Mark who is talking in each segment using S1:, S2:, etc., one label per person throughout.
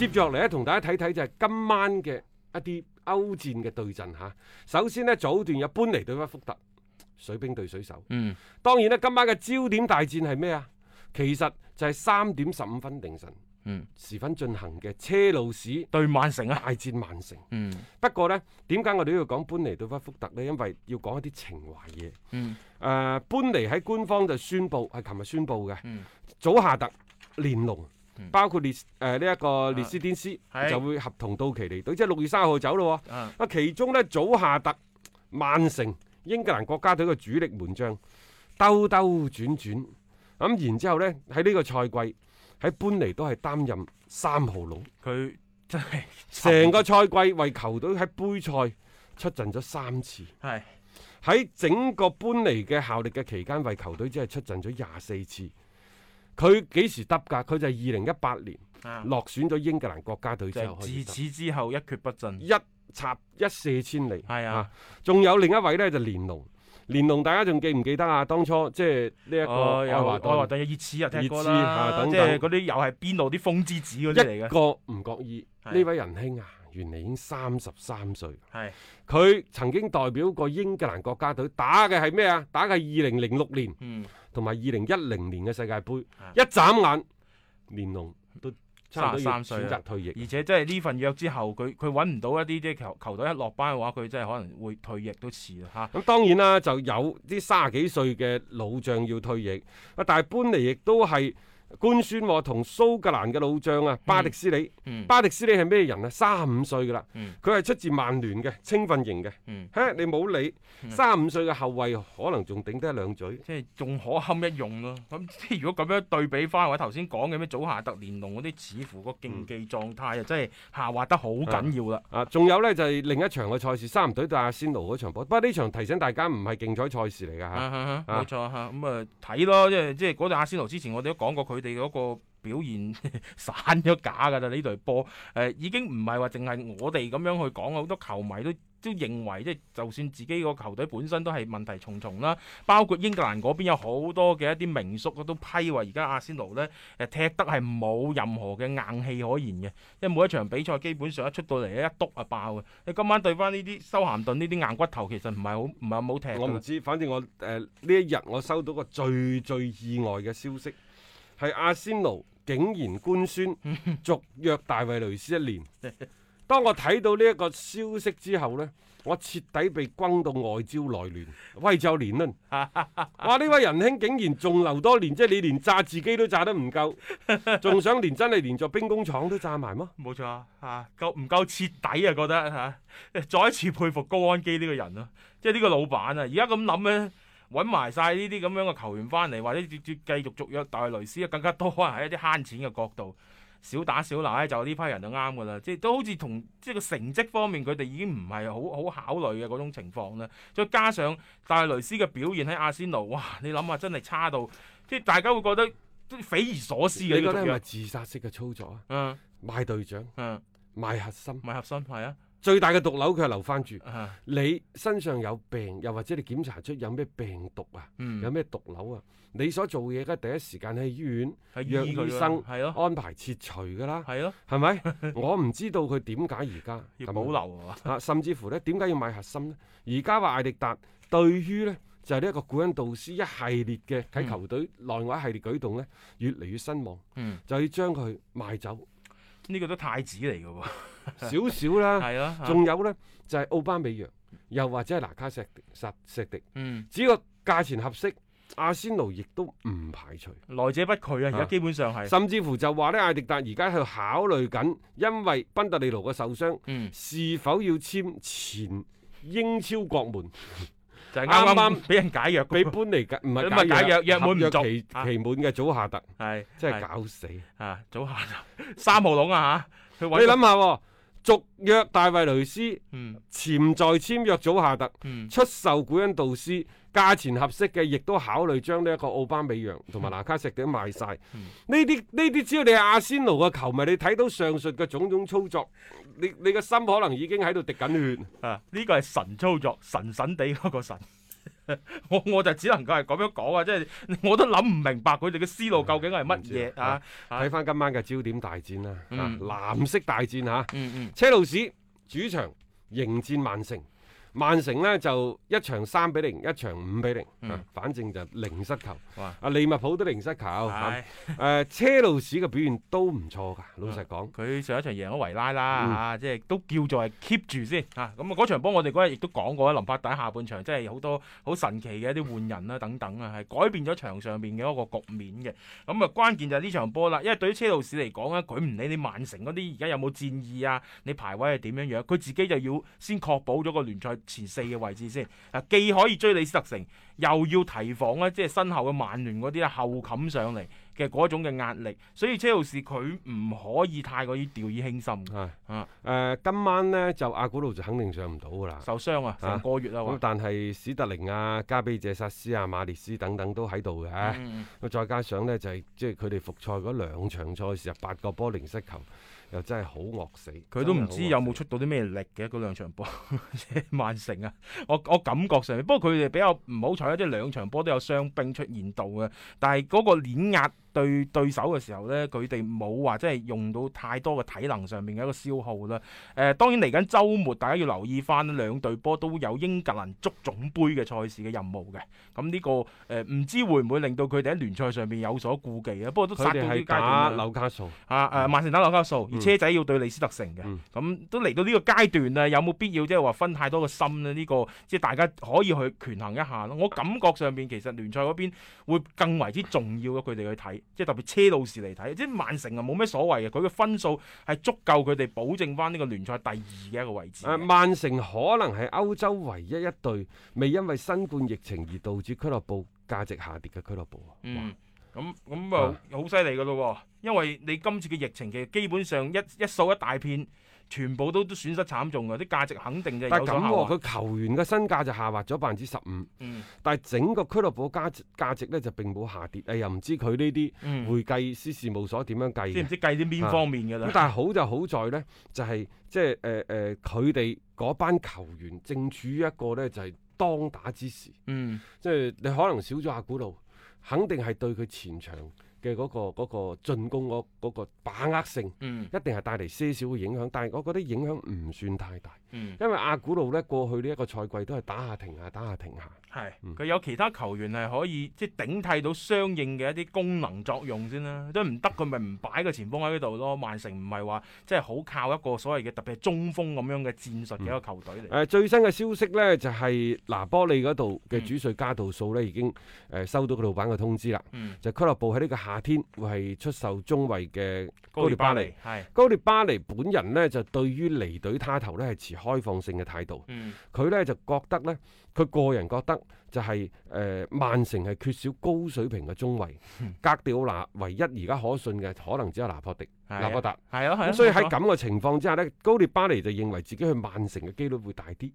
S1: 接住落嚟咧，同大家睇睇就係今晚嘅一啲歐戰嘅對陣嚇。首先咧，早段有搬嚟對屈福特，水兵對水手。嗯，當然咧，今晚嘅焦點大戰係咩啊？其實就係三點十五分凌晨，嗯時分進行嘅車路士對曼城嘅大戰，曼城。嗯，不過呢，點解我哋都要講搬嚟對屈福特呢？因為要講一啲情懷嘢。嗯，誒、呃，搬嚟喺官方就宣布係琴日宣布嘅。早下特連龍。包括列誒呢一個列斯丁斯、啊、就會合同到期離隊，是即係六月三號走咯，哦。啊，其中咧，早下特曼城英格蘭國家隊嘅主力門將，兜兜轉轉咁，然之後咧喺呢個賽季喺搬嚟都係擔任三號佬。佢真係成個賽季為球隊喺杯賽出陣咗三次，係喺是整個搬嚟嘅效力嘅期間為球隊只係出陣咗廿四次。佢幾時得噶？佢就係二零一八年落選咗英格蘭國家隊之後，自此之後一蹶不振，一插一瀉千里。係啊，仲有另一位咧，就連龍，連龍大家仲記唔記得啊？當初即係呢一個，我話我話第二熱刺啊，等等，即係嗰
S2: 啲又係邊度啲風之子嗰啲嚟嘅。一個覺唔
S1: 覺意呢位仁兄啊，原嚟已經三十三歲，係佢曾經代表過英格蘭國家隊打嘅係咩啊？打嘅係二零零六年，嗯。同埋二零一零年嘅世界杯，啊、一眨眼，連龍都差唔多要選擇退役，啊，
S2: 而且真係呢份約之後，佢佢揾唔到一啲啲球球隊一落班嘅話，佢真係可能會退役都遲啦嚇。咁、啊、當
S1: 然啦，就有啲三十幾歲嘅老將要退役，啊，但係搬嚟亦都係。官宣喎，同蘇格蘭嘅老將啊巴迪斯里，巴迪斯里係咩人啊？三五歲噶啦，佢係出自曼聯嘅青訓營嘅。你冇理，三五歲嘅後衞可能仲頂得
S2: 一兩嘴，即係仲可堪一用咯。咁即係如果咁樣對比翻，或者頭先講嘅咩祖夏特連龍嗰啲，似乎個競技狀態又真係下滑得好緊要啦。
S1: 啊，仲有呢，就係另一場嘅賽事，三隊對阿仙奴嗰場波。不過呢場提醒大家唔係競彩賽事嚟㗎嚇。冇錯
S2: 嚇，咁啊睇咯，即係即係嗰隊阿仙奴之前我哋都講過佢。你哋嗰個表現 散咗架㗎啦！呢隊波誒已經唔係話淨係我哋咁樣去講，好多球迷都都認為，即係就算自己個球隊本身都係問題重重啦。包括英格蘭嗰邊有好多嘅一啲名宿都批話，而家阿仙奴咧誒踢得係冇任何嘅硬氣可言嘅，因為每一場比賽基本上一出到嚟一督啊爆嘅。你今晚對翻呢啲修咸頓呢啲硬骨頭，其實唔係好唔係好踢。我唔知，反正我誒呢、呃、一日我收到個
S1: 最，最最意
S2: 外嘅消息。嗯
S1: 係阿仙奴竟然官宣續約大衛雷斯一年。當我睇到呢一個消息之後咧，我徹底被轟到外焦內亂。威州連啊，哇！呢位仁兄竟然仲留多年，即係你連炸自己都炸得唔夠，仲想連真係連座兵工廠都炸埋嗎？冇錯啊！嚇，夠唔
S2: 夠徹底啊？覺得嚇、啊，再一次佩服高安基呢個人啊，即係呢個老闆啊！而家咁諗咧。揾埋晒呢啲咁樣嘅球員翻嚟，或者接接繼續續約戴雷斯，更加多喺一啲慳錢嘅角度，少打少鬧咧，就呢批人就啱噶啦。即係都好似同即係個成績方面，佢哋已經唔係好好考慮嘅嗰種情況啦。再加上戴雷斯嘅表現喺阿仙奴，哇！你諗下真係差到，即係大家會覺得都匪夷所思嘅。你覺得係咪
S1: 自殺式嘅操作啊？嗯。賣隊長。嗯。賣核心。賣核心係啊。最大嘅毒瘤佢係留翻住，你身上有病，又或者你檢查出有咩病毒啊，有咩毒瘤啊，你所做嘢嘅第一時間喺醫院，約醫生安排切除噶啦，係咯，係咪？我唔知道佢點解而家係保留啊，甚至乎咧，點解要賣核心呢？而家話艾迪達對於咧，就係呢一個古恩導師一系列嘅睇球隊內外一系列舉動咧，越嚟越失望，就要將佢賣走。呢個都太子嚟噶喎。少少啦，仲有咧就係奧巴美揚，又或者係拿卡錫錫錫迪，只要價錢合適，阿仙奴亦都唔排除，來者不拒啊，而家基本上係。甚至乎就話咧，阿迪達而家去考慮緊，因為賓特利奴嘅受傷，是否要簽前英超國門？就係啱啱俾人解約，俾搬嚟，唔係解約，約滿約期期滿嘅祖夏特，係即係搞死啊！祖夏特三號籠啊
S2: 吓，你諗下。
S1: 續約大衛雷斯，嗯、潛在簽約祖夏特，嗯、出售古恩道斯，價錢合適嘅，亦都考慮將呢一個奧巴美揚同埋拿卡石迪賣晒。呢啲呢啲，只要你係阿仙奴嘅球迷，你睇到上述嘅種種操作，你
S2: 你嘅心可能已經喺度滴緊血啊！呢、這個係神操作，神神地嗰個神。 我我就只能夠係咁樣講啊，即係我都諗唔明白佢哋嘅思路究竟係
S1: 乜嘢啊？睇翻今晚嘅焦點大戰啦，嗯、啊，藍色大戰吓、啊嗯，嗯嗯，車路士主場迎戰曼城。曼城呢就一場三比零，一場五比零、嗯，反正就零失球。啊哇，利物浦都零失球。
S2: 係唉。誒、嗯，車路士嘅表現都唔錯㗎，老實講。佢、嗯、上一場贏咗維拉啦、嗯、即係都叫做係 keep 住先嚇。咁啊，嗰、嗯、場波我哋嗰日亦都講過啦，林柏大下半場真係好多好神奇嘅一啲換人啦等等啊，係改變咗場上面嘅一個局面嘅。咁、嗯、啊，關鍵就係呢場波啦，因為對於車路士嚟講咧，佢唔理你曼城嗰啲而家有冇戰意啊，你排位係點樣樣，佢自己就要先確保咗個聯賽。前四嘅位置先，啊，既可以追李斯特城，又要提防咧，即係身後嘅曼聯嗰啲咧後冚上嚟嘅嗰種嘅壓力，所以車路士佢唔可以太過於掉以輕心。唉啊啊、呃，
S1: 今晚咧就阿古路就肯定上唔到噶啦，
S2: 受傷啊，成個月啦喎。但
S1: 係史特靈啊、加比謝薩斯啊、馬列斯等等都喺度嘅，嗯、再加上咧就係、是、即係佢
S2: 哋復賽嗰兩場賽事，八個波零失球。又真係好惡死，佢都唔知有冇出到啲咩力嘅嗰兩場波，曼 城啊，我我感覺上，不過佢哋比較唔好彩啊，即係兩場波都有傷兵出現到嘅，但係嗰個碾壓。對對手嘅時候咧，佢哋冇話即係用到太多嘅體能上面嘅一個消耗啦。誒、呃，當然嚟緊週末，大家要留意翻兩隊波都有英格蘭足總杯嘅賽事嘅任務嘅。咁呢個誒，唔、嗯嗯嗯嗯嗯、知會唔會令到佢哋喺聯賽上邊有所顧忌咧？不過都殺到啲階段啦、啊。啊，曼城打紐卡素，啊誒，曼城打紐卡素，而車仔要對李斯特城嘅。咁都嚟到呢個階段啦，有冇必要即係話分太多嘅心呢？呢、這個即係大家可以去權衡一下咯。我感覺上邊其實聯賽嗰邊會更為之重要嘅，佢哋去睇。即係特別車路士嚟睇，即係曼城啊，冇咩所謂嘅，佢嘅分數係足夠佢哋保證翻呢個聯賽第二嘅一個位置。誒、啊，曼城可能係歐洲唯一一隊未因為新
S1: 冠疫情而導致俱樂部價值下跌嘅俱樂部啊、
S2: 嗯。嗯、咁、嗯、咁、嗯、啊，好犀利噶咯，因為你今次嘅疫情其實基本上一一掃一大片。全部都都損失慘重啊！啲價值肯定就有係咁喎，佢、啊、
S1: 球員嘅身價就下滑咗百分之十五。嗯。但係整個俱樂部價價值咧就並冇下跌。誒，又唔知佢呢啲會計師、嗯、事務所點樣計？知唔知計啲邊方面㗎啦、啊？但係好就好在咧，就係即係誒誒，佢哋嗰班球員正處於一個咧就係、是、當打之時。嗯。即係你可能少咗阿古路，肯定係對佢前場，嘅嗰、那個嗰、那個進攻嗰、那個把握性，一定係帶嚟些少嘅影響，但係我覺得影響唔算太大，嗯、因為阿古路呢過去呢一個賽季都係打下停下打下停下，
S2: 係佢是、嗯、有其他球員係可以即係、就是、頂替到相應嘅一啲功能作用先啦，都唔得佢咪唔擺個前鋒喺度咯。曼城唔係話即係好靠一個所謂嘅特別係中鋒咁樣嘅戰術嘅一個球隊嚟。誒、嗯呃、
S1: 最新嘅消息呢，就係嗱波利嗰度嘅主帥加道數呢、嗯、已經誒、呃、收到個老闆嘅通知啦、嗯嗯，就俱樂部喺呢個夏天會係出售中衛嘅高列巴尼，高列巴尼是本人咧就對於離隊他頭咧係持開放性嘅態度，佢咧、嗯、就覺得咧，佢個人覺得。就係、是、誒，曼、呃、城係缺少高水平嘅中衞，嗯、格迪奧拿唯一而家可信嘅可能只有拿破迪、拿破、啊、特。係啊，係啊。嗯、所以喺咁嘅情況之下呢、啊啊、高烈巴黎就認為自己去曼城嘅機率會大啲。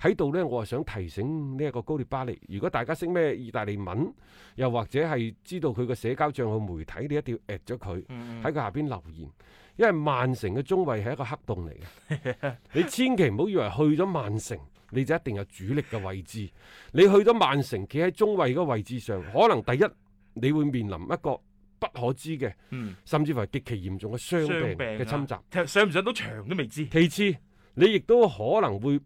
S1: 喺度、嗯、呢，我係想提醒呢一個高烈巴黎，如果大家識咩意大利文，又或者係知道佢嘅社交帳號媒體，你一定要 at 咗佢喺佢下邊留言，因為曼城嘅中衞係一個黑洞嚟嘅，嗯、 你千祈唔好以為去咗曼城。 你就一定有主力嘅位置。你去咗曼城，企喺中衛嗰位置上，可能第一，你會面臨一個不可知嘅，嗯、甚至乎係極其嚴重嘅傷病嘅侵襲。
S2: 踢、啊、上唔上到場都未知。其次，
S1: 你亦都可能會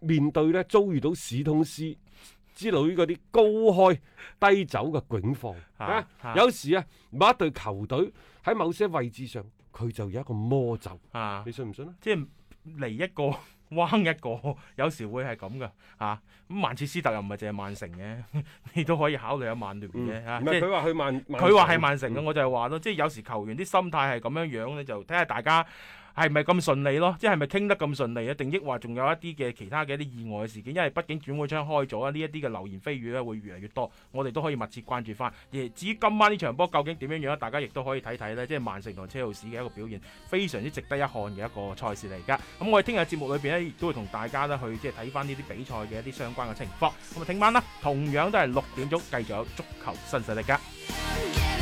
S1: 面對咧，遭遇到史通斯之類嗰啲高開低走嘅境況，啊，有時啊，某一隊球隊喺某些位置上，佢就有一個魔咒。啊，你信唔信啊？即係
S2: 嚟一個。 彎一個，有時會係咁噶嚇。咁、啊、曼徹斯特又唔係淨係曼城嘅， 你都可以考慮下曼聯嘅嚇。唔係佢話去曼，佢話係曼城嘅、城，嗯、我就係話咯。即係有時球員啲心態係咁樣樣咧，你就睇下大家。係咪咁順利咯？即係咪傾得咁順利啊？定抑或仲有一啲嘅其他嘅一啲意外嘅事件？因為畢竟轉會窗開咗，呢一啲嘅流言蜚語咧會越嚟越多，我哋都可以密切關注翻。而至於今晚呢場波究竟點樣樣？大家亦都可以睇睇呢，即係曼城同車路士嘅一個表現，非常之值得一看嘅一個賽事嚟噶。咁我哋聽日節目裏邊呢，亦都會同大家呢去即係睇翻呢啲比賽嘅一啲相關嘅情況。咁啊，聽晚啦，同樣都係六點鐘繼續有足球新勢力噶。